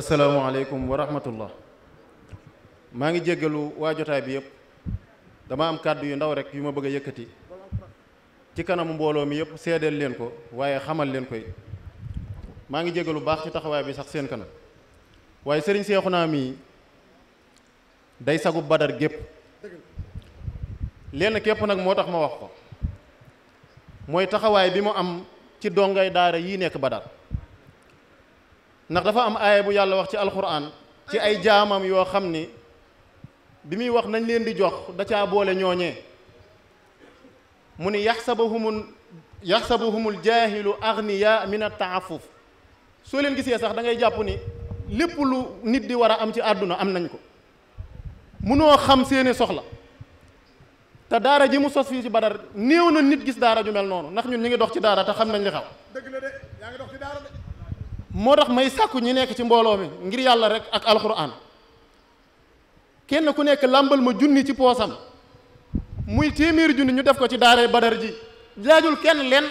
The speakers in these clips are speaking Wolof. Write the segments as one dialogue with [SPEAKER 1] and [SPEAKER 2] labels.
[SPEAKER 1] asalaamaaleykum wa rahmatullah maa ngi jéggalu waa jotaay bi yépp dama am kàddu yu ndaw rek yu ma bëgg a yëkkati ci kanamu mbooloo mi yëpp seedeel leen ko waaye xamal leen koy maa ngi jéggalu baax ci taxawaay bi sax seen kanam waaye sëriñ seexu naa mii day sagu badar gépp lenn képp nag moo tax ma wax ko mooy taxawaay bi mu am ci dongay daara yi nekk badar ndax dafa am aaya bu yàlla wax ci alxuraan ci ay jaamam yoo xam ni bi muy wax nañ leen di jox da caa boole ñooñee mu ni yaxsabuhumul yaxsabuhumul jaahilu agniya min attaafuf soo leen gisee sax dangay ngay jàpp ni lépp lu nit di war a am ci àdduna am nañ ko munoo xam seeni soxla te daara ji mu sos fii ci badar néew na nit gis daara ju mel noonu ndax ñun ñu ngi dox ci daara te xam nañ li xaw moo tax may sàkku ñi nekk ci mbooloo mi ngir yàlla rek ak alxuraan kenn ku nekk làmbal ma junni ci poosam muy téeméeri junni ñu def ko ci daaree badar ji laajul kenn leen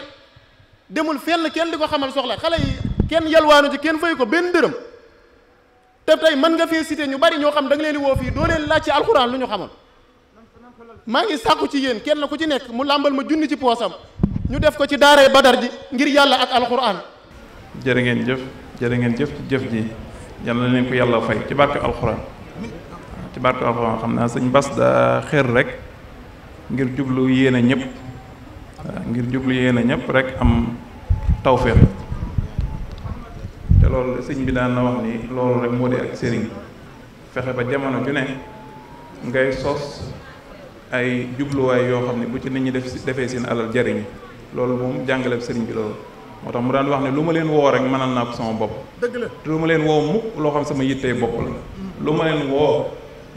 [SPEAKER 1] demul fenn kenn di ko xamal soxla xale yi kenn yalwaanu ci kenn fay ko benn dërëm te tey mën nga fee cité ñu bari ñoo xam da nga leen di woo fii doo leen laaj ci alxuraan lu ñu xamal maa ngi sàkku ci yéen kenn ku ci nekk mu làmbal ma junni ci poosam ñu def ko ci daaree badar ji ngir yàlla ak alxuraan
[SPEAKER 2] jërë ngeen jëf jërë ngeen jëf ci jëf ji yàlla na leen ko yàlla fay ci barke alxuraan ci barke alxuraan xam naa sëñ Bass daa xër rek ngir jublu yéene ñëpp ngir jublu yéene ñëpp rek am tawféex te loolu sëñ bi daan na wax ni loolu rek moo di ak sëriñ fexe ba jamono ju ne ngay sos ay jubluwaay yoo xam ne bu ci nit ñi def si defee seen alal jariñ loolu moom jàngale sëriñ bi loolu moo tax mu daan wax ne lu ma leen woo rek mënal naa ko sama bopp dëgg la te lu ma leen woo mukk loo xam sama yittee bopp la mm. lu ma leen woo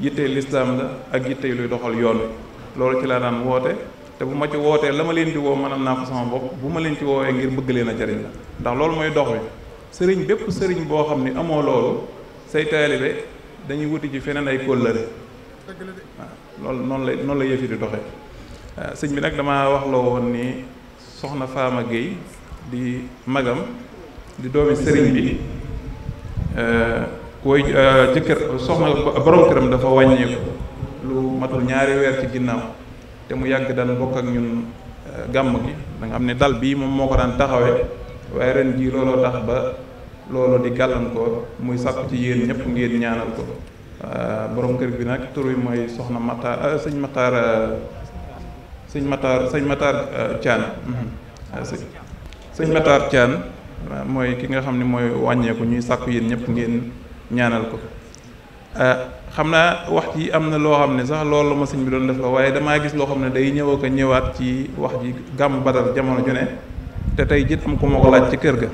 [SPEAKER 2] yittee lislaam la ak yittee luy doxal yoon loolu ci laa daan woote te bu ma ci wootee la ma leen di woo mënal naa ko sama bopp bu ma leen ci woowee ngir bëgg leen a jariñ la ndax loolu mooy dox bi sëriñ bépp sëriñ boo xam ne amoo loolu say taalibe dañuy wuti ci feneen ay kóllëre loolu noonu la noonu la yëfi di doxee ah, sëñ bi nag damaa wax loo ni soxna Faama Gueye di magam di doomi sëriñ bi eh, woy eh, jëkkër soxna borom këram dafa wàññeeku lu matul ñaari weer ci ginnaaw te mu yàgg daan bokk ak ñun eh, gàmm gi danga xam ne dal bii moom moo ko daan taxawee waaye ren jii looloo tax ba looloo di gàllankoor muy sàpp ci yéen ñëpp ngeen ñaanal ko borom kër bi nag tur wi mooy soxna Matar sëñ Matar sëñ Matar mm-hmm. sëñ sëñ Matar Thian mooy ki nga xam ne mooy wàññeeku ñuy sàkku yéen ñëpp ngeen ñaanal ko ah, xam naa wax ji am na loo xam ne sax loolu ma sëñ bi doon def la waaye damaa gis loo xam ne day ñëwak ak a ñëwaat ci wax ji gàmm badar jamono ju ne te tey jit am ku ma ko laaj ci kër ga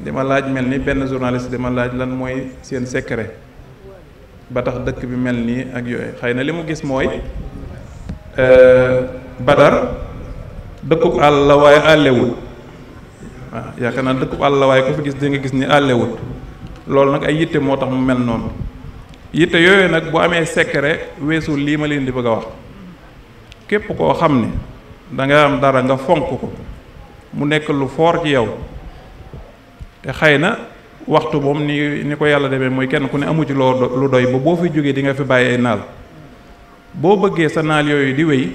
[SPEAKER 2] di ma laaj mel ni benn journaliste di ma laaj lan mooy seen secret ba tax dëkk bi mel nii ak yooyu xëy na li mu gis mooy eh, badar dëkkuk àll la waaye àllewul waaw yaakaar naa dëkkub àll waaye ku fi gis di nga gis ni àllewut loolu nag ay yitte moo tax mu mel noonu yitte yooyu nag bu amee secret weesu lii ma leen di bëgg a wax képp koo xam ne dangay am dara nga fonk ko mu nekk lu foor ci yow te xëy na waxtu moom ni ni ko yàlla demee mooy kenn ku ne amu ci loo lu doy ba boo fi jógee di nga fi bàyyi naal boo bëggee sa naal yooyu di wéy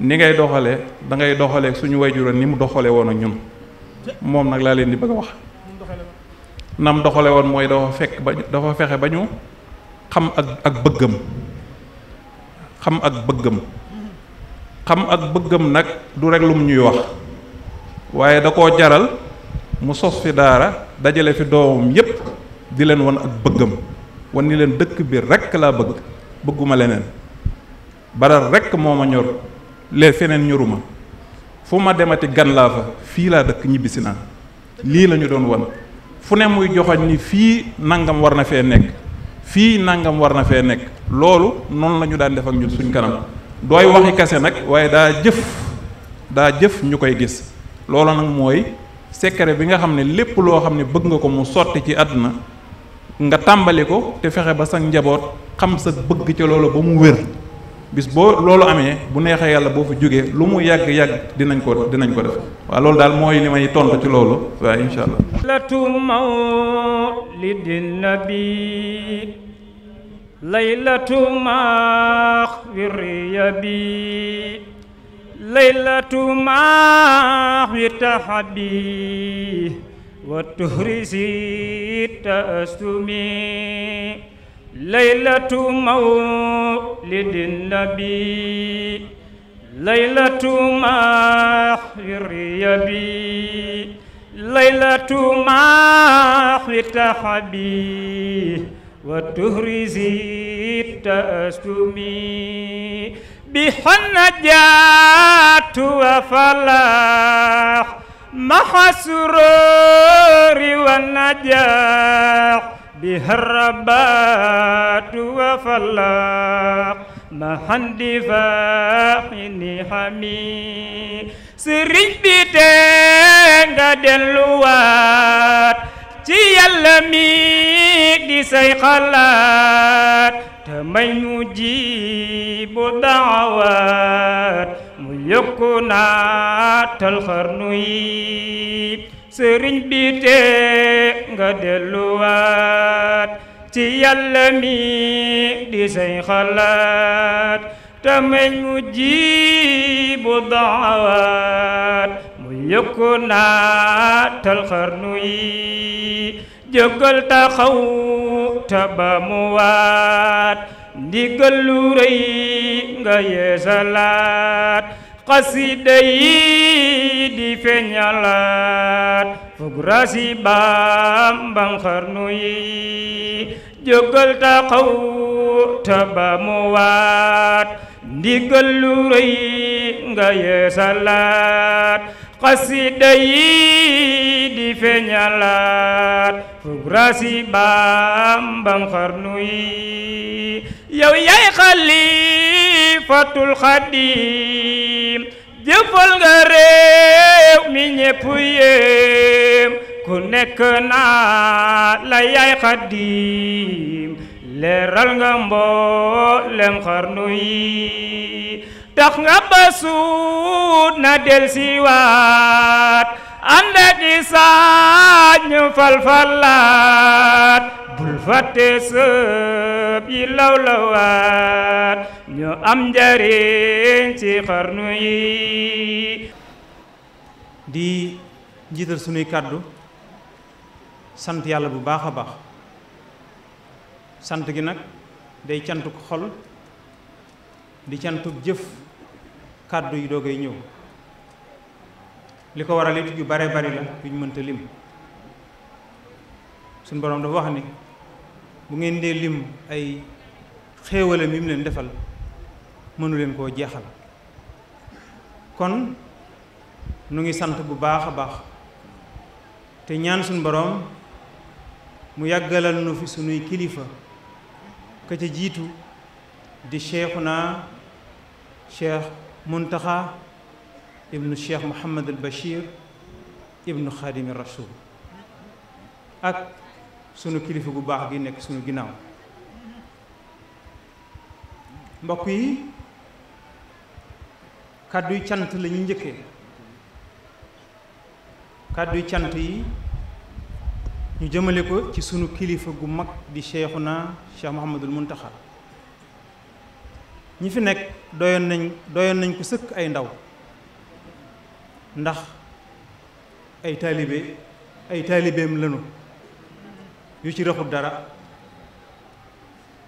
[SPEAKER 2] ni ngay doxale da ngay doxalee suñu wayjuran ni mu doxale woon ak ñun moom nag laa leen di bëgg a wax nam doxale woon mooy dafa fekk ba dafa fexe ba ñu xam ak ak bëggam xam ak bëggam xam ak bëggam nag du rek lum ñuy wax waaye da koo jaral mu sos fi daara dajale fi doomam yépp di leen won ak bëggam wan ni leen dëkk bi rekk laa bëgg bëgguma leneen baral rekk moo ma ñor lee feneen ñoruma fu ma demati gan fii laa dëkk ñibbisi naa lii la ñu doon wan fu ne muy joxoñ ni fii nangam war na fee nekk fii nangam war na fee nekk loolu noonu la ñu daan def ak ñun suñ kanam dooy waxi kase nag waaye daa jëf daa jëf ñu koy gis loolu nag mooy secret bi nga xam ne lépp loo xam ne bëgg nga ko mu sotti ci àdduna nga tàmbali ko te fexe ba sa njaboot xam sa bëgg ca loolu ba mu wér bis boo loolu amee bu neexee yàlla boo fa jógee lu mu yàgg yàgg dinañ ko dinañ ko def waaw loolu daal mooy li may tontu ci loolu waaye incha allah
[SPEAKER 3] latu mawlidin nabi laylatu maxwiriya bi wa tuhrisi taastumi laylatu mawlidin nabi laylatu mahriya bi laylatu mahwitahabi wa tuhrizi taastumi بحنجات وفلاح مع سرور والنجاح بها الربات وفلاق محن دفاع حمي سرج بتنغ دلوات ci yàlla mi di say xalaat te may ñu jibu mu yokku naatal xarnu yi sëriñ bi te nga delluwaat ci yàlla mi di say xalaat tameñ mu jiibu daawaat mu yëkku naatal xarnu yi jógal taxaw ta ba mu waat ndigal lu rëy nga xasida yi di feeñalaat fugrasi Bamba xarnu yi jógal taxaw te ba mu waat ndigal lu rëy nga yeesalaat xasida yi di feeñalaat fugrasi Bambam xarnu yi yow yaay xalifatul xadim jëfal nga réew mi ñépp yéem ku nekk naa la yaay xadim leeral nga mboolem xarnu yi tax nga basuut na del siwaat ànd ak i saañu falfalaat bul fàtte sëb yi lawlawaat ñu am njariñ ci xarnu yi di
[SPEAKER 4] njiital sunuy kàddu sant yàlla bu baax a baax sant gi nag day cantuk xol di cantub jëf kàddu yu doogay ñëw li ko waral it yu bare bari la yu ñu mënta lim suñ boroom dafa wax ni bu ngeen dee lim ay xéewalam yi mu leen defal mënu leen koo jeexal kon nu ngi sant bu baax a baax te ñaan suñ boroom mu yàggalal nu fi sunuy kilifa ka ca jiitu di Seexuna cheikh muntaxa ibnu cheikh Mouhamadul Bachir ibnu xaadimi rasul ak sunu kilifa gu baax gi nekk sunu ginnaaw mbokk yi kàdduy cant la ñuy njëkkee kàdduy cant yi ñu jëmale ko ci sunu kilifa gu mag di cheikhuna cheikh Mouhamadul Muntaxa ñi fi nekk doyoon nañ doyoon nañ ko sëkk ay ndaw ndax ay taalibe ay taalibeem lanu yu ci raxul dara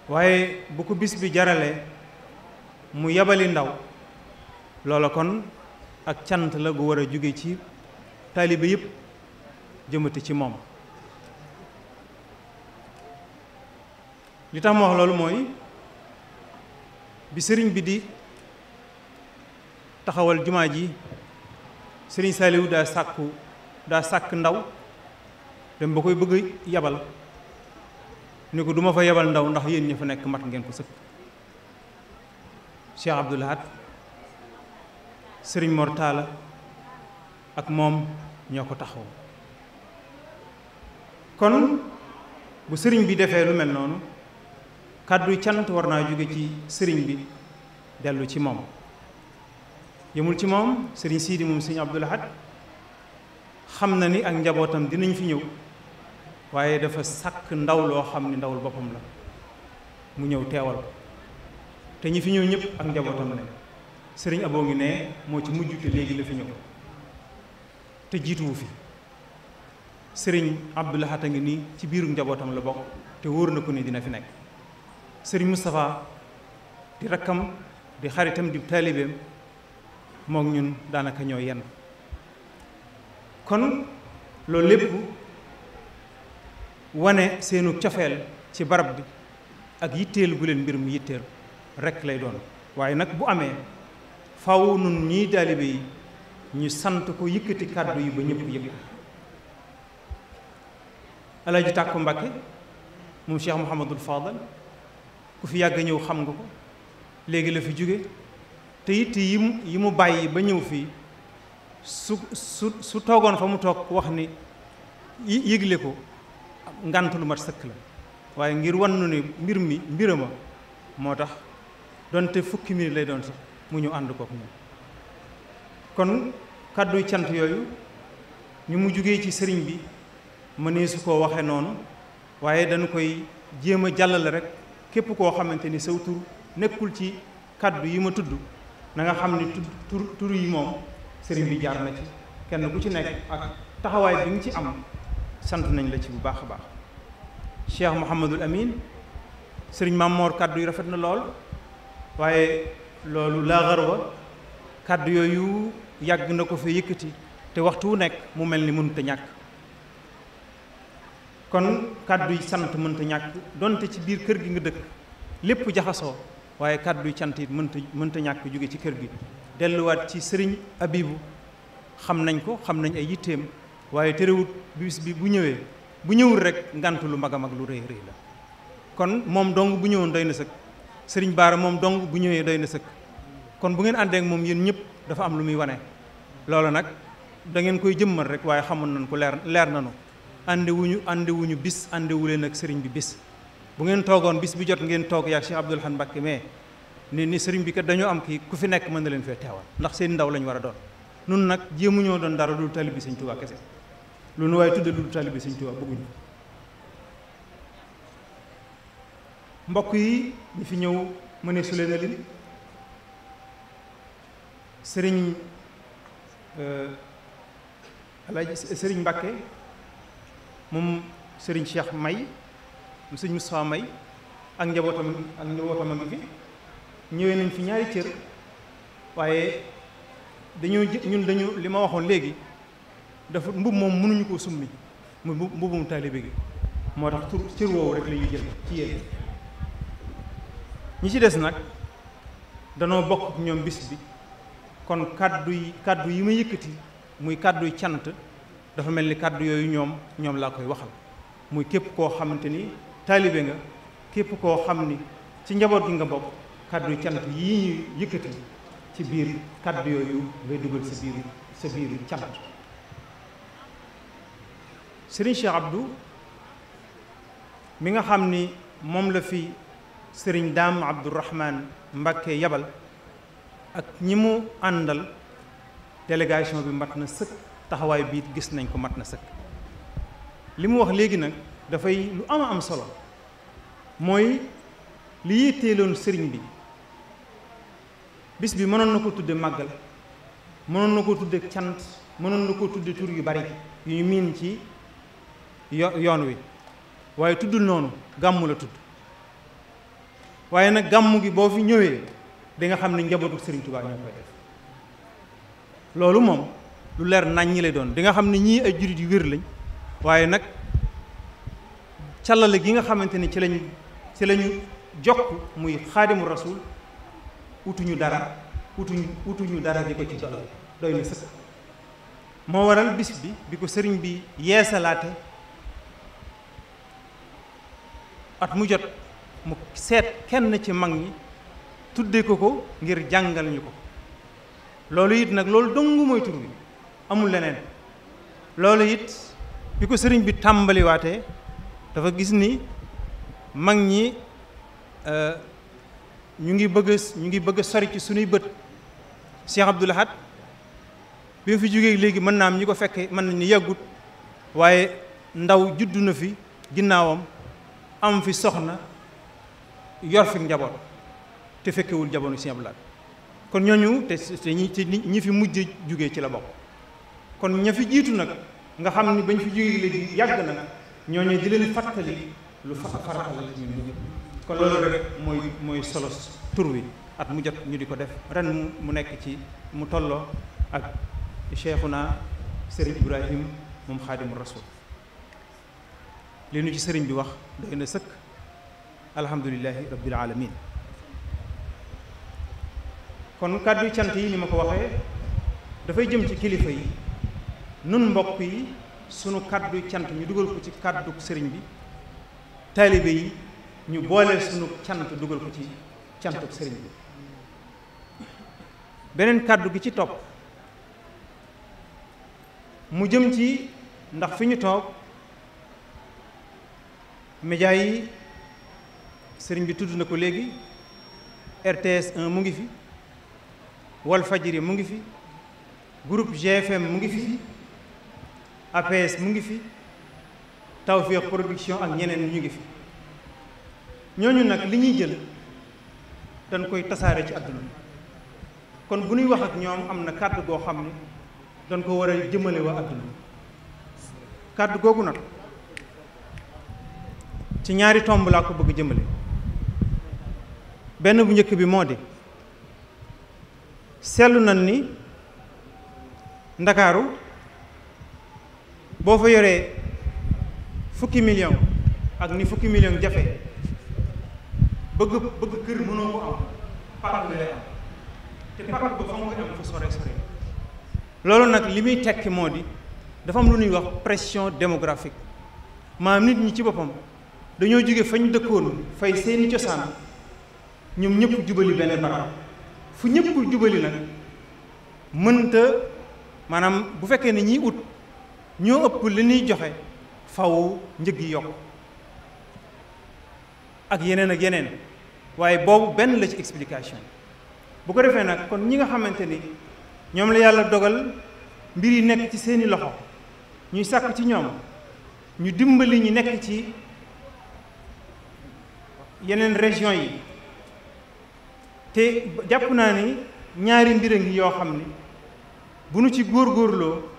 [SPEAKER 4] waaye bu ko bis bi jaralee mu yabali ndaw loola kon ak cant la gu war a jóge ci taalibe yépp jëmati ci moom li tax ma wax loolu mooy bi sëriñ bi di taxawal jumaa ji sëriñ Saliou daa sàkku daa sàkk ndaw dem ba koy bëgg yabal ni ko duma fa yabal ndaw ndax yéen ñu fa nekk mat ngeen ko sëkk Cheikh Abdoul sëriñ Mor ak moom ñoo ko taxaw kon bu sëriñ bi defee lu mel noonu kàdduy cant war naa jóge ci sëriñ bi dellu ci moom yëmul ci moom sëriñ siidi moom sëriñ Abdul Ahad xam na ni ak njabootam dinañu fi ñëw waaye dafa sàkk ndaw loo xam ni ndawul boppam la mu ñëw teewal te ñi fi ñëw ñëpp ak njabootam ne sëriñ aboo ngi ne moo ci mujj te léegi la fi ñëw te jiituwu fi sëriñ Abdul Ahad a ngi nii ci biiru njabootam la bokk te wóor na ko ni dina fi nekk Serigne Moustapha di rakkam di xaritam di taalibeem mook ñun daanaka ñoo yenn kon loolu lépp wane seenu cofeel ci barab bi ak yitteel gu leen mbir mu yitteel rekk lay doon waaye nag bu amee faw nun ñii taalibe yi ñu sant ko yëkkati kàddu yi ba ñëpp yëg Alaaji Tàkku Mbàkke moom Cheikh Mouhamadul Fadal ku fi yàgg ñëw xam nga ko léegi la fi jóge te it yi mu yi mu bàyyi ba ñëw fii su su su toogoon fa mu toog wax ni yi yëgle ko ngant lu mat sëkk la waaye ngir wan nu ni mbir mi mbirama moo tax doonte fukki minute lay doon sax mu ñu ànd kook ñun kon kàdduy cant yooyu ñu mu jugee ci sëriñ bi mënee su koo waxee noonu waaye dañu koy jéem a jàllale rek képp koo xamante ni saw tur nekkul ci kàddu yi ma tudd na nga xam ni tur tur yi moom sëriñ bi jaar na ci kenn ku ci nekk ak taxawaay bi nga ci am sant nañ la ci bu baax a baax Cheikh Mouhamadul Amin sëriñ Maam kàddu yi rafet na lool waaye loolu laa kàddu yooyu yàgg na ko fi yëkkati te waxtu wu nekk mu mel ni mënut ñàkk kon kàddu yi sant mënta ñàkk donte ci biir kër gi nga dëkk lépp jaxasoo waaye kàddu yi cant it mënta mënta ñàkk jóge ci kër gi delluwaat ci sëriñ abibu xam nañ ko xam nañ ay yitteem waaye terewut bis bi bu ñëwee bu ñëwul rek ngant lu mag a mag lu rëy rëy la kon moom dong bu ñëwoon doy na sëkk sëriñ baara moom dong bu ñëwee doy na sëkk kon bu ngeen àndee ak moom yéen ñëpp dafa am lu muy wane loolu nag da ngeen koy jëmmal rek waaye xamoon nañ ko leer leer nanu àndewuñu àndewuñu bis àndewu leen ak sëriñ bi bis bu ngeen toogoon bis bi jot ngeen toog yaag Cheikh Abdoul Ahad mbakke mais ne ni sëriñ bi kat dañoo am kii ku fi nekk mën na leen fee teewal ndax seen ndaw lañ war a doon nun nag ñoo doon dara lu tali bi sëñ Tuubaa kese lu nu waaye tudde lu tali bi sëñ Tuubaa bëgguñu mbokk yi ñu fi ñëw mëne su leen a sëriñ euh, Alaaji sëriñ Mbacké moom sëriñ Cheikh May mu sëriñ Moustapha May ak njabootam ak njabootam a ngi fi ñëwee nañ fi ñaari cër waaye dañoo ñun dañu li ma waxoon léegi dafa mbub moom mënuñu koo summi mu mbubum taalibe gi moo tax tur cër woowu rek la ñuy jël ci yéen ñi ci des nag danoo bokk ñoom bis bi kon kàddu yi kàddu yi ma yëkkati muy kàddu cant dafa mel ni kàddu yooyu ñoom ñoom laa koy waxal muy képp koo xamante ni taalibe nga képp koo xam ni ci njaboot gi nga bokk kàddu cant yii ñu yëkkati ci biir kàddu yooyu ngay dugal sa biir sa biir cant Serigne Cheikh Abdou mi nga xam ni moom la fi sëriñ Serigne Dame Abdourahman Mbacké yabal ak ñi mu àndal délégation bi mat na sëkk taxawaay biit gis nañ ko mat na sëkk li mu wax léegi nag dafay lu ama am solo mooy li yitteeloon sëriñ bi bis bi mënoon na ko tudde màggal mënoon na ko tudde cant mënoon na ko tudde tur yu bari yu ñu miin ci yo yoon wi waaye tuddul noonu gàmmu la tudd waaye nag gàmmu gi boo fi ñëwee di nga xam ne njabootu sëriñ Tuubaa ñoo koy def loolu moom lu leer nañ ñi lay doon di nga xam ne ñii ay jurit yu wér lañ waaye nag càllale gi nga xamante ni ci lañ ci lañu jokk muy xaadimu rasul utuñu dara utuñu utuñu dara di ko ci doy doy na sëkk moo waral bis bi bi ko sëriñ bi yeesalaate at mu jot mu seet kenn ci mag ñi tudde ko ko ngir jàngal ñu ko loolu it nag loolu dong mooy tur bi amul leneen loolu it bi ko sëriñ bi tàmbaliwaatee dafa gis ni mag ñi euh, ñu ngi bëgg ñu ngi bëgg a sori ci suñuy bët Cheikh Abdoul Ahad bi mu fi jógee léegi mën naa am ñi ko fekke mën nañ ni yàggut waaye ndaw juddu na fi ginnaawam am fi soxna yor fi njaboot te fekkewul jaboonu Cheikh Abdoul kon ñooñu te te ñi fi mujj jógee ci la bokk kon ña fi jiitu nag nga xam ni bañ fi jógee léegi yàgg na ñooñu di leen fàttali lu fa farata la ci kon loolu rek mooy mooy solo tur wi at mu jot ñu di ko def ren mu nekk ci mu tolloo ak Cheikhuna Serigne Ibrahim moom Xaadimu Rasul li nu ci sëriñ bi wax doy na sëkk alhamdulilahi rabbil alamin kon kàddu cant yi ni ma ko waxee dafay jëm ci kilifa yi nun mbokk yi sunu kàddu cant ñu dugal ko ci kàddu sëriñ bi taalibe yi ñu booleel sunu cant dugal ko ci cantu sëriñ bi beneen kàddu gi ci topp mu jëm ci ndax fi ñu toog média yi sëriñ bi tudd na ko léegi RTS 1 mu ngi fi Walfadjri mu ngi fi groupe GFM mu ngi fi APS mu ngi fi Tawfekh production ak ñeneen ñu ngi fi ñooñu nag li ñuy jël dañ koy tasaare ci àdduna kon bu ñuy wax ak ñoom am na kàddu goo xam ne dañ ko war a jëmale waa àdduna kàddu googu nag ci ñaari tomb laa ko bëgg jëmale benn bu njëkk bi moo di seetlu nañ ni Ndakaaru boo fa yoree fukki million ak ni fukki million jafe bëgg bëgg kër mënoo ko am pàkk bi am te pàkk ba fa nga koy fu sore sore loolu nag li muy tekki moo di dafa am lu ñuy wax pression démographique maa nit ñi ci boppam dañoo jóge fa ñu dëkkoon fay seeni cosaan ñoom ñëpp jubali benn barab fu ñëpp jubali nag mënta maanaam bu fekkee ne ñiy ut ñoo ëpp li ñuy joxe faw njëg yi yokk ak yeneen ak yeneen waaye boobu benn la ci explication bu ko defee nag kon ñi nga xamante ni ñoom la yàlla dogal mbir yi nekk ci seeni loxo ñuy sàkk ci ñoom ñu dimbali ñi nekk ci yeneen région yi te jàpp naa ni ñaari mbir a ngi yoo xam ni bu nu ci góorloo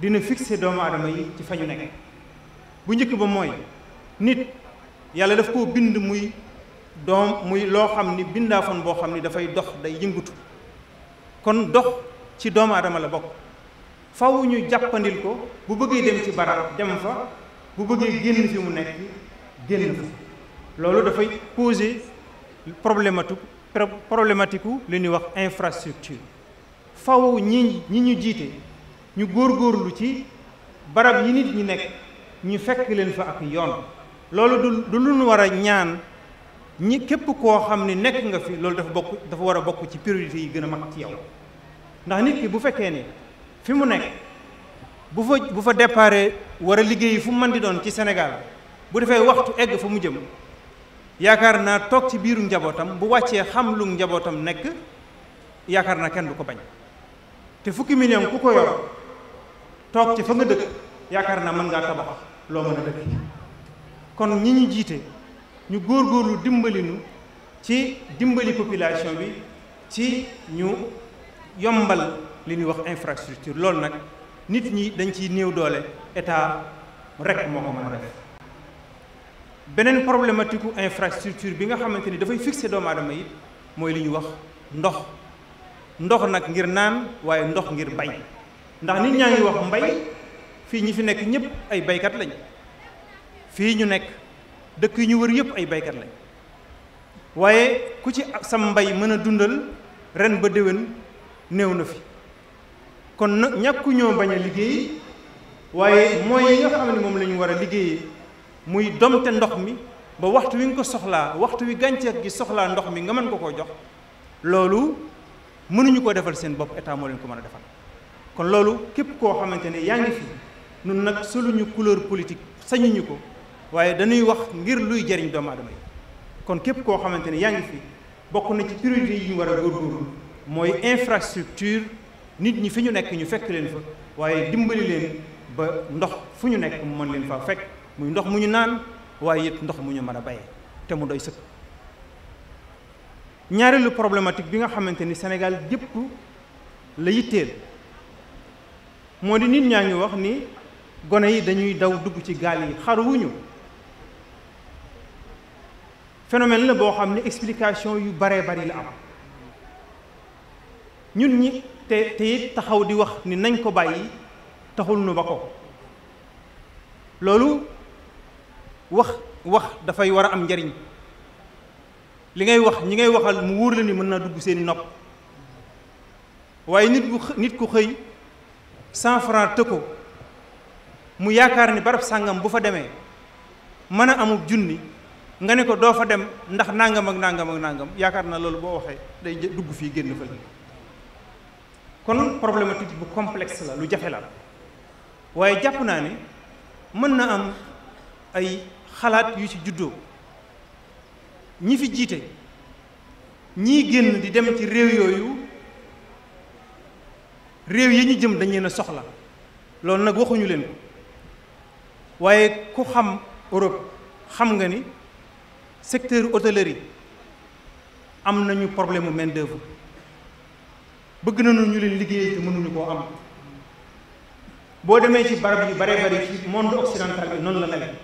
[SPEAKER 4] dina fixé doomu adama yi ci fa ñu nekk bu njëkk ba mooy nit yàlla dafa ko bind muy doom muy loo xam ni bindaafoon boo xam ni dafay dox day yëngutu kon dox ci doomu aadama la bokk faw ñu jàppandil ko bu bëggee dem ci barab dem fa bu bëggee génn fi mu nekk génn fa loolu dafay poser problématique problématique lu ñuy wax infrastructure faw ñi ñi ñu jiite ñu góor góorgóorlu ci barab yi nit ñi nekk ñu fekk leen fa ak yoon loolu du du lu war a ñaan ñi képp koo xam ne nekk nga fi loolu dafa bokk dafa war a bokk ci priorité yi gën a mag ci yow ndax nit ki bu fekkee ni fi mu nekk bu fa bu fa déparé war a liggéey fu mën di doon ci Sénégal bu defee waxtu egg fa mu jëm yaakaar naa toog ci biiru njabootam bu wàccee xam lu njabootam nekk yaakaar naa kenn du ko bañ te fukki million ku ko yor toog ci fa nga dëkk yaakaar naa mën ngaa tabax loo mën a dëkk kon ñi ñu jiite ñu góorgóorlu dimbali nu ci dimbali population bi ci ñu yombal li ñuy wax infrastructure loolu nag nit ñi dañ ciy néew doole état rek moo ko mën a def beneen problématique infrastructure bi nga xamante ni dafay fixé doomu adama yi mooy li ñu wax ndox ndox nag ngir naan waaye ndox ngir bay ndax nit ñaa ngi wax mbay fii ñi fi nekk ñëpp ay baykat lañ fii ñu nekk dëkk yi ñu wër yëpp ay baykat lañ waaye ku ci sam mbay mën a dundal ren ba déwén néew na fi kon nag ñàkku ñoo bañ a liggéey waaye mooy yi nga xam ne moom la ñu war a liggéeyee muy doom te ndox mi ba waxtu wi nga ko soxlaa waxtu wi gàncax gi soxlaa ndox mi nga mën ko ko jox loolu mënuñu ko defal seen bopp état moo leen ko mën a defal kon loolu képp koo xamante ne yaa ngi fi nun nag soluñu couleur politique sañuñu ko waaye dañuy wax ngir luy jariñ doomu aadama yi kon képp koo xamante ne yaa ngi fi bokk na ci priorité yi ñu war a góorgóorlu mooy infrastructure nit ñi fi ñu nekk ñu fekk leen fa waaye dimbali leen ba ndox fu ñu nekk mu mën leen fa fekk muy ndox mu ñu naan waaye it ndox mu ñu man a bay te mu doy sëkk ñaareelu problématique bi nga xamante ni senegal yëpp la yitteel moo di nit ñaa ngi wax ni gone yi dañuy daw dugg ci gaal yi xaruwuñu phénomène la boo xam ne explication yu baree bari la am ñun ñi te te taxaw di wax ni nañ ko bàyyi taxul nu ba ko loolu wax wax dafay war a am njariñ li ngay wax ñi ngay waxal mu wóor la ni mën naa dugg seeni nopp waaye nit ku nit ku xëy cent franc të ko mu yaakaar ni barab sàngam bu fa demee mën a amub junni nga ne ko doo fa dem ndax nangam ak nangam ak nangam yaakaar na loolu boo waxee day dugg fii génn fa kon problématique bu complexe la lu jafe la waaye jàpp naa ne mën na am ay xalaat yu ci juddoo ñi fi jiite ñii génn di dem ci réew yooyu réew yi ñu jëm dañ leen soxla loolu nag waxuñu leen ko waaye ku xam Europe xam nga ni secteur hôtellerie am nañu problème mu main d'œuvre bëgg nañu ñu leen liggéey te mënuñu koo am boo demee ci barab yu bare bari ci monde occidental bi noonu la mel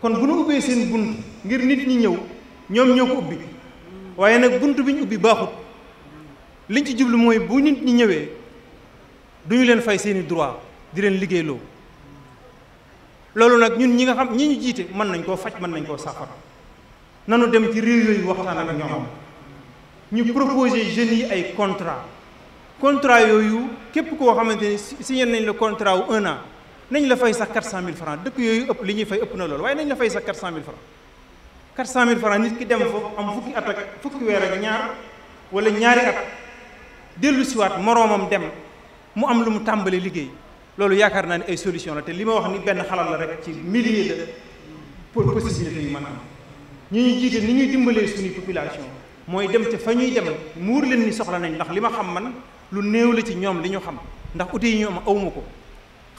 [SPEAKER 4] kon bu nu ubbee seen bunt ngir nit ñi ñëw ñoom ñoo ko ubbi waaye nag bunt bi ñu ubbi baaxut liñ ci jublu mooy bu nit ñi ñëwee. du ñu leen fay seeni droit di leen liggéeyloo loolu nag ñun ñi nga xam ñi ñu jiite mën nañ koo faj mën nañ koo saafara nanu dem ci réew yooyu waxtaan ak ñoom ñu proposé jeunes yi ay contrat contrat yooyu képp koo xamante ni signé nañ la contrat wu un an nañ la fay sax 400000 francs dëkk yooyu ëpp li ñuy fay ëpp na loolu waaye nañ la fay sax 400000 francs 400000 francs nit ki dem foofu am fukki at ak fukki weer ak ñaar wala ñaari at dellu siwaat moroomam dem mu am lu mu tàmbali liggéey loolu yaakaar naa ne ay solution la te li ma wax ni benn xalaat la rek ci milliers de pour possibilités yu man am ñu ñu jiite ni ñuy dimbalee suñuy population mooy dem te fa ñuy dem muur leen ni soxla nañ ndax li ma xam man lu néew la ci ñoom li ñu xam ndax ute yi ñoom awma ko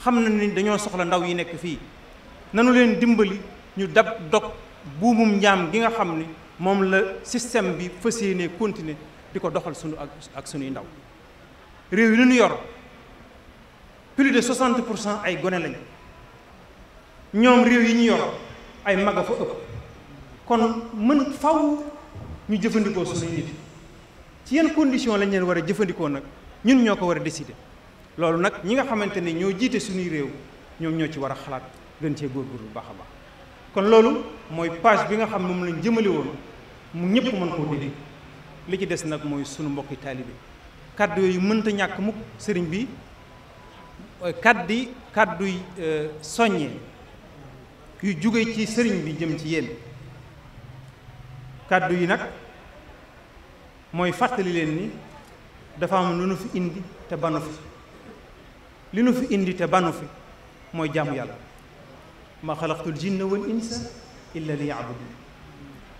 [SPEAKER 4] xam na ni dañoo soxla ndaw yi nekk fii nanu leen dimbali ñu dab dog buumum njaam gi nga xam ni moom la système bi fas yéenee continuer di ko doxal sunu ak ak sunuy ndaw réew yi yor plus de 60 pour cent ay gone lañ ñoom réew yi ñu yor ay mag a fa ëpp kon mën faw ñu jëfandikoo suñuy nit ci yan condition lañ leen war a jëfandikoo nag ñun ñoo ko war a décider loolu nag ñi nga xamante ne ñoo jiite suñuy réew ñoom ñoo ci war a xalaat gën cee góorgóorlu baax a baax kon loolu mooy page bi nga xam ne moom lañ jëmale woon mu ñëpp mën koo dégg li ci des nag mooy sunu mbokki taalibe kàddu yi mënta ñàkk mukk sëriñ bi kaddi kadduy e, soññe yu jóge ci sëriñ bi jëm ci yéen kaddu yi nag mooy fàttali leen ni dafa am lu nu fi indi te banu fi li nu fi indi te banu fi mooy jaamu yàlla ma xalaqtul jinna wal insa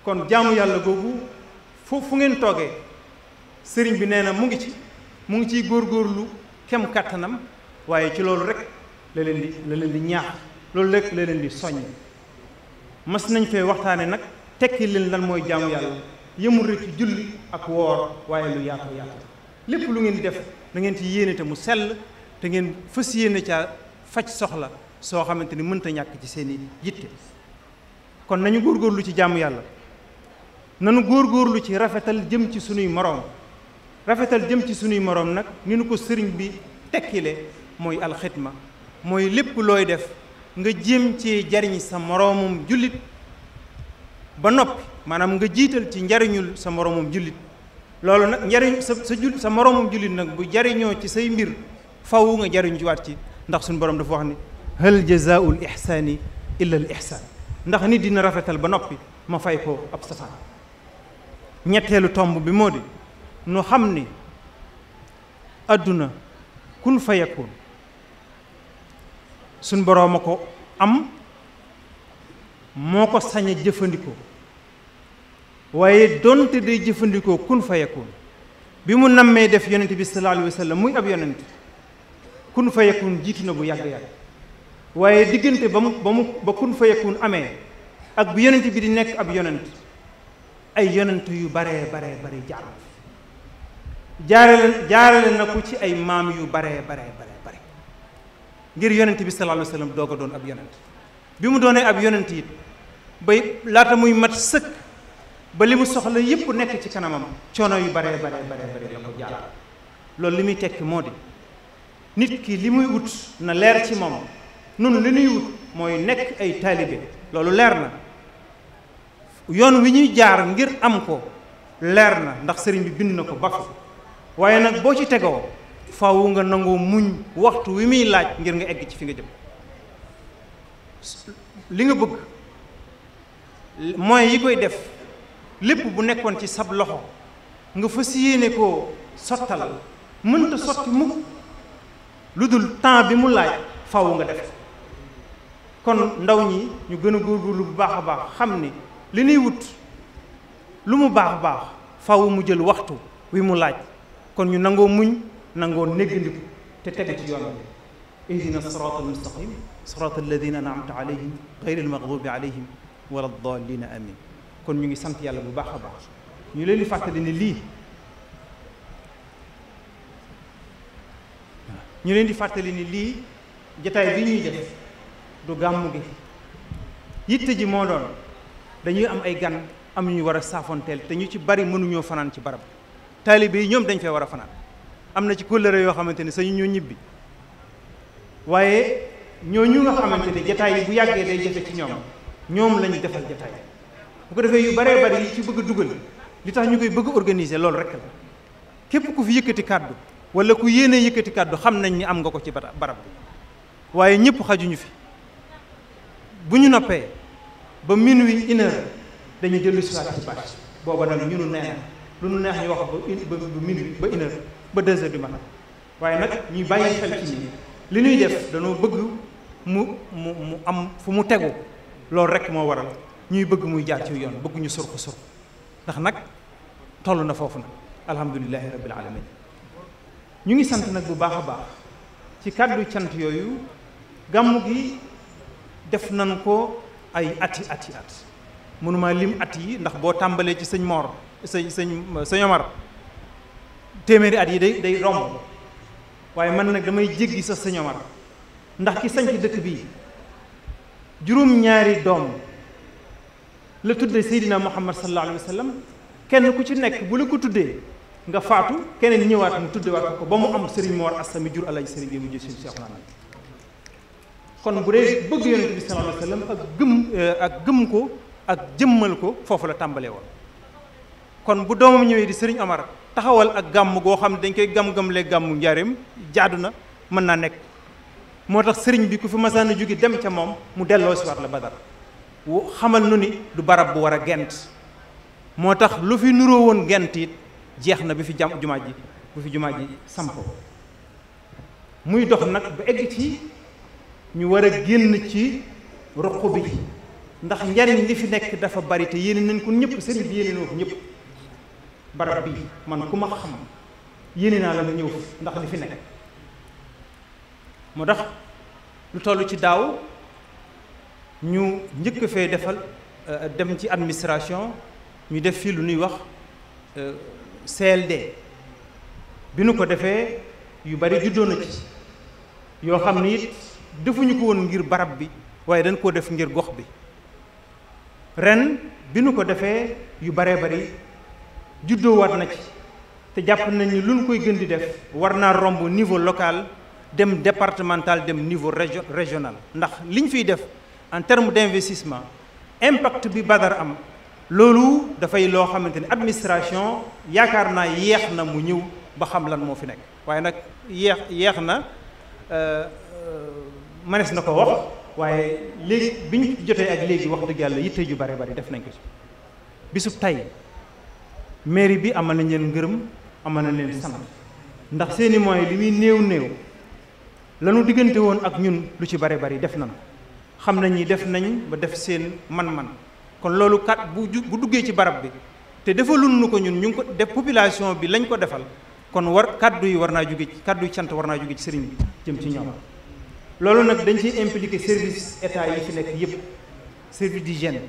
[SPEAKER 4] kon jaamu yàlla googu fu fu ngeen toogee sëriñ bi nee na mu ngi ci mu ngi ciy góorlu kem kàttanam waaye ci loolu rek la leen di la leen di ñaax loolu rek la leen di soññ mas nañ fee waxtaane nag tekki leen lan mooy jaamu yàlla yëmul rek ci julli ak woor waaye lu yaatu yaatu lépp lu ngeen di def na ngeen ci yéene te mu sell te ngeen fës yéene caa faj soxla soo xamante ni mënta ñàkk ci seen i yitte kon nañu góor góorgóorlu ci jàmm yàlla nanu góor góorgóorlu ci rafetal jëm ci sunuy moroom rafetal jëm ci sunuy moroom nag ni nu ko sëriñ bi tekkile mooy alxidma mooy lépp looy def nga jéem ci jariñ sa moroomum jullit ba noppi maanaam nga jiital ci njariñul sa moroomum jullit loolu nag njariñ sa sa sa moroomum jullit nag bu jariñoo ci say mbir faw nga jariñu ci waat ci ndax suñu borom dafa wax ni hal jazaa'ul ihsaani illa ihsaan ndax nit dina rafetal ba noppi ma fay ko ab safaan ñetteelu tomb bi moo di nu xam ni àdduna kun fayakun suñ boroom a ko am moo ko sañe jëfandikoo waaye donte day jëfandikoo kun fayakun bi mu nammee def yonent bi sallallahu alayhi wa muy ab yonent kun fayakun jiitu na bu yàgg-yàgg waaye diggante ba mu ba mu ba kun fayakun amee ak bi yonent bi di nekk ab yonent ay yonent yu baree baree bare jaar jaarale jaarale na ko ci ay maam yu baree baree bare ngir yonent bi sallallahu alayhi wa sallam doog doon ab yonent bi mu doonee ab yonent it bay laata muy mat sëkk ba li mu soxla yépp nekk ci kanamam coono yu baree baree baree bare la ko jàll loolu li muy tekki moo di nit kii li muy wut na leer ci moom nun li ñuy wut mooy nekk ay taalibe loolu leer na yoon wi ñuy jaar ngir am ko leer na ndax sëriñ bi bind na ko ba waaye nag boo ci tegoo fawu nga nangu muñ waxtu wi muy laaj ngir nga egg ci fi nga jëm li nga bëgg moyens yi koy def lépp bu nekkoon ci sab loxo nga fas yéene ko sottalal mënta sotti mukk lu dul temps bi mu laaj fawu nga def kon ndaw ñi ñu gën a góorgóorlu bu baax a baax xam ni li nuy wut lu mu baax a baax fawu mu jël waxtu wi mu laaj kon ñu nangoo muñ nangoo néggandiku te tegu ci yoon bi ihdina siraat almustaqim siraat alladina anamta alayhim gayri almaghdubi alayhim wala dalina amin kon ñu ngi sant yàlla bu baax a baax ñu leen di fàttali ne lii ñu leen di fàttali ni lii jataay bi ñuy gi yitte ji moo am ay gan am ñu war a saafonteel te ñu ci bari mënuñoo fanaan ci barab taalibe yi ñoom dañ fee war a fanaan am na ci kóllëre yoo xamante ni sañu ñoo ñibbi waaye ñooñu nga xamante ne jataay bu yàggee day jafe ci ñoom ñoom lañu defal jataay bu ko defee yu baree bari yi ci bëgg a dugal li tax ñu koy bëgg organiser loolu rek la képp ku fi yëkkati kàddu wala ku yéene yëkkati kàddu xam nañ ni am nga ko ci barab bi waaye ñëpp xajuñu fi bu ñu noppee ba minuit une heure dañuy dellu si waat ci bâche booba nag ñu nu neex lu nu neex ñu wax ba ba minuit ba une ba deux bi ma matin waaye nag ñuy bàyyi xel ci ñi li ñuy def dañoo bëgg mu mu mu am fu mu tegu loolu rek moo waral ñuy bëgg muy jaar ci yoon bëgguñu surku surku ndax nag tollu na foofu nag alhamdulilahi rabbil alamin ñu ngi sant nag bu baax a baax ci kàddu cant yooyu gàmmu gi def nanu ko ay ati ati at mënuma lim at yi ndax boo tàmbalee ci sëñ Mor sëñ sëñ sëñ Omar téeméeri at yi day day romb waaye man nag damay jéggi sa sëñ Omar ndax sañ sañc dëkk bii juróom-ñaari doom la tudde Seydina Muhammad sallallahu alayhi wa sallam kenn ku ci nekk bu la ko tuddee nga faatu keneen ñëwaat mu tuddewaat ko ba mu am sëriñ Mor Asta mi jur Alaaji sëriñ bi mu jël suñu Cheikh kon bu dee bëgg yonent bi sallallahu alayhi ak gëm ak gëm ko ak jëmmal ko foofu la tàmbalee woon kon bu doomam ñëwee di sëriñ Omar taxawal ak gàmm goo xam ne dañ koy gam-gamle gàmmu njaarim jaadu na mën naa nekk moo tax sëriñ bi ku fi masaan a jóge dem ca moom mu delloo si ba la wo xamal nu ni du barab bu war a gent moo tax lu fi nuroo woon gent yi jeex na bi fi jam jumaa ji bu fi jumaa ji sampo muy dox nag ba egg ci ñu war a génn ci ruq bi ndax njariñ li fi nekk dafa bari te yéene ko ñëpp sëriñ bi yéene na ko barab bi man ku ma xam yéene naa la nga ñëw ndax li fi nekk moo tax lu toll ci daaw ñu njëkk fee defal euh, dem ci administration ñu def fii lu ñuy wax euh, CLD bi nu ko defee yu bari juddoo ci yoo xam ni it defuñu ko woon ngir barab bi waaye dañ koo def ngir gox bi ren bi nu ko defee yu baree bari juddoo waat na ci te jàpp nañ lu ñu koy gën di def war naa romb niveau local dem départemental dem niveau régional ndax li ñu fiy def en terme d'investissement impact bi Badar am loolu dafay loo xamante ni administration yaakaar naa yeex na mu ñëw ba xam lan moo fi nekk waaye nag yeex yeex na euh, euh, manees na ko wax waaye léegi bi ñu jotee ak léegi wax dëgg yàlla yitte ju bare bari def nañ ko ci bisub tey mairie bi amal nañ leen ngërëm amal nañ leen sant ndax seeni moyens li muy néew néew lañu diggante woon ak ñun lu ci bare bari def nañ xam nañ ni def nañ ba def seen man-man kon loolu kat bu bu duggee ci barab bi te defalun nu ko ñun ñu ko def population bi lañ ko defal kon war kàddu yi war naa jóge ci kàddu yi cant war naa jóge ci sëriñ bi jëm ci ñoom loolu nag dañ ciy impliqué service état yi fi nekk yëpp service di d'hygiène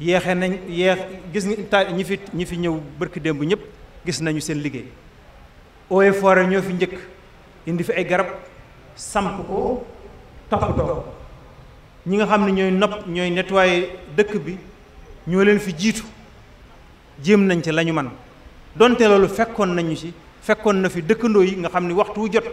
[SPEAKER 4] yéexe nañ yéex gis nga ta ñi fi ñi fi ñëw bërki démb ñëpp gis nañu seen liggéey eaux et ñoo fi njëkk indi fi ay garab samp ko toppatoo ñi nga xam ne ñooy nopp ñooy nettoyer dëkk bi ñoo leen fi jiitu jéem nañ ci lañu ñu man donte loolu fekkoon nañu ci fekkoon na fi dëkkandoo yi nga xam ni waxtu wu jot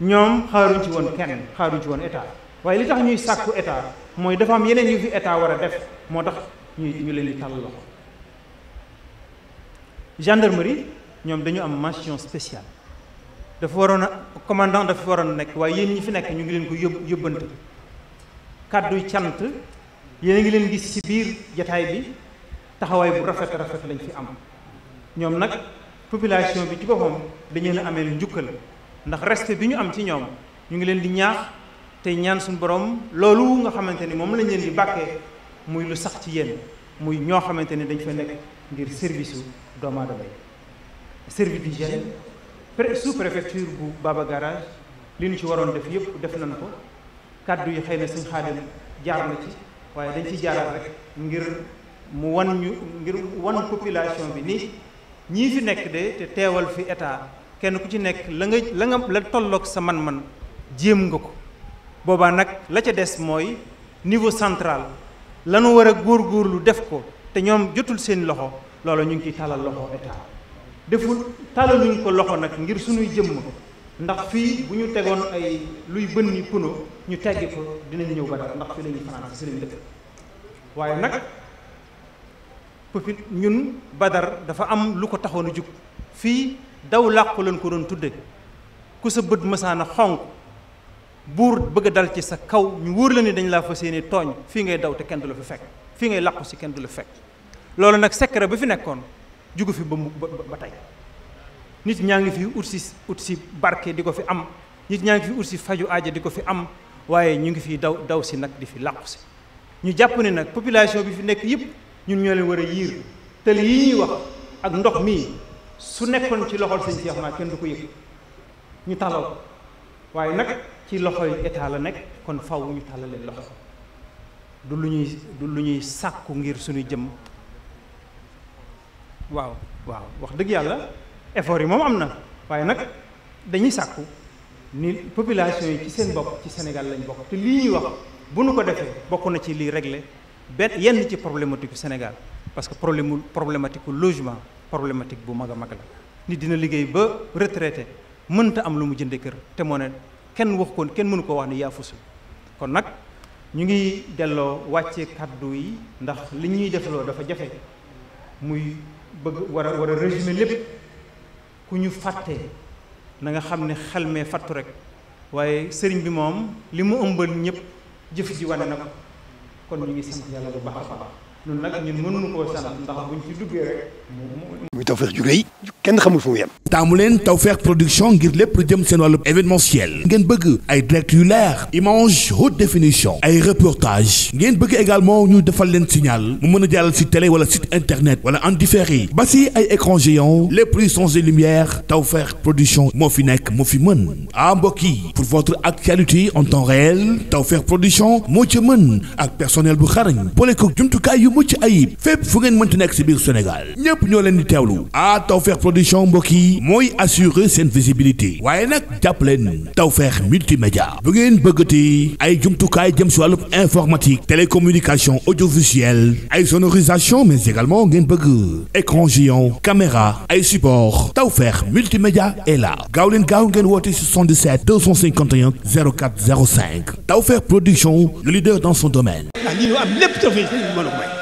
[SPEAKER 4] ñoom xaaruñ ci woon kenn xaaruñ ci woon état waaye li tax ñuy sàkku état mooy dafa am yeneen yu fi état war a def moo tax ñu ñu leen di tàll loxo gendarmerie ñoom dañu am mention spéciale dafa waroon a commandant dafa waroon a nekk waaye yéen ñi fi nekk ñu ngi leen ko yób yóbbante kàddu cant yéen a ngi leen gis ci biir jataay bi taxawaay bu rafet rafet lañ fi am ñoom nag population bi ci boppam dañu leen amee njukkal ndax respect bi ñu am ci ñoom ñu ngi leen di ñaax te ñaan suñu borom loolu nga xamante ni moom lañ leen di bàkkee muy lu sax ci yéen muy ñoo xamante ne dañ fa nekk ngir service su doomu aadama yi service d'hygiène pré sous préfecture bu Baba Garage li ñu ci waroon def yëpp def nañ ko kàddu yi xëy na suñ xaadim jaar na ci waaye dañ ci jaaraat rek ngir mu wan ñu ngir wan population bi nii ñii fi nekk de te teewal fi état kenn ku ci nekk la nga la nga la tolloog sa man-man jéem nga ko boobaa nag la ca des mooy niveau central lanu war a góor góorgóorlu def ko te ñoom jotul seen loxo loolu ñu ngi ciy talal loxo état deful talaluñ ko loxo nag ngir suñuy jëmm ndax fii bu ñu tegoon ay luy bënni puno ñu teggi ko dinañ ñëw ba ndax fii la ñuy fanaan si sëriñ dëkk waaye nag popit ñun badar dafa am lu ko taxoon a jug fii daw làqu lañ ko doon tudde ku sa bët mësaana xonq buur bëgg dal ci sa kaw ñu wóor la ni dañ laa fas yéene tooñ fii ngay daw te kenn du la fi fekk fii ngay làqu si kenn du la fekk loolu nag secret ba fi nekkoon jugu fi ba mu ba tey nit ñaa ngi fi ut si ut si barke di ko fi am nit ñaa ngi fi ut si faju aaja di ko fi am waaye ñu ngi fi daw daw si nag di fi làqu si ñu jàpp ne nag population bi fi nekk yëpp ñun ñoo leen war a yiir tël yi ñuy wax ak ndox mii su nekkoon ci loxol sëñ Cheikh naa kenn du ko ñu taxaw waaye nag ci loxoy état la nekk kon faw ñu tàllal leen loxo du lu ñuy du lu ñuy sàkku ngir suñu jëm waaw waaw wax dëgg yàlla effort yi moom am na waaye nag dañuy sàkku ni population yi ci seen bopp ci Sénégal lañ bokk te lii ñuy wax bu nu ko defee bokk na ci lii régler benn yenn ci problématique Sénégal parce que problème problématique logement problématique bu mag a mag la nit dina liggéey ba retraité mënta am lu mu jënde kër te moo ne kenn wax koon kenn mënu ko wax ne yaa kon nag ñu ngi delloo wàcce kàddu yi ndax li ñuy defloo dafa jafe muy bëgg war a war a résumer lépp ku ñu fàtte na nga xam ne xel mee fàttu rek waaye sëriñ bi moom li mu ëmbal ñëpp jëf ji wane na ko kon ñu ngi sant yàlla bu baax a baax loolu nag ñun mënuñu koo sant ndax buñ kenn xamul fu mu yem.
[SPEAKER 5] taamu leen Tawfekh production ngir lépp lu jëm seen wàllu événementiel. ngeen bëgg ay direct yu leer. image haute définition. ay reportage ngeen bëgg également ñu defal leen signal. mu mën a jàllal si télé wala site internet wala en différé. ba si ay écran géant. lépp luy son et lumière. Tawfekh production moo fi nekk moo fi mën. ah mbokk yi. pour votre actualité en temps réel. Tawfekh production moo ci mën. ak personnel bu xarañ. boole ko mucc ayib fépp fu ngeen mënti nekk si biir Sénégal ñépp ñoo leen di teewlu ah Tawfekh production mbokk yi mooy assurer seen visibilité waaye nag jàpp leen Tawfekh multimédia bu ngeen bëggati ay jumtukaay jëm si wàllu informatique télécommunication audiovisuelle ay sonorisation mais également ngeen bëgg écran géant caméra ay support Tawfekh multimédia est là gaaw leen gaaw ngeen woote 77 251 04 05 Tawfekh production le leader dans son domaine.
[SPEAKER 4] Ah, am lépp Tawfekh sëriñ bi mën a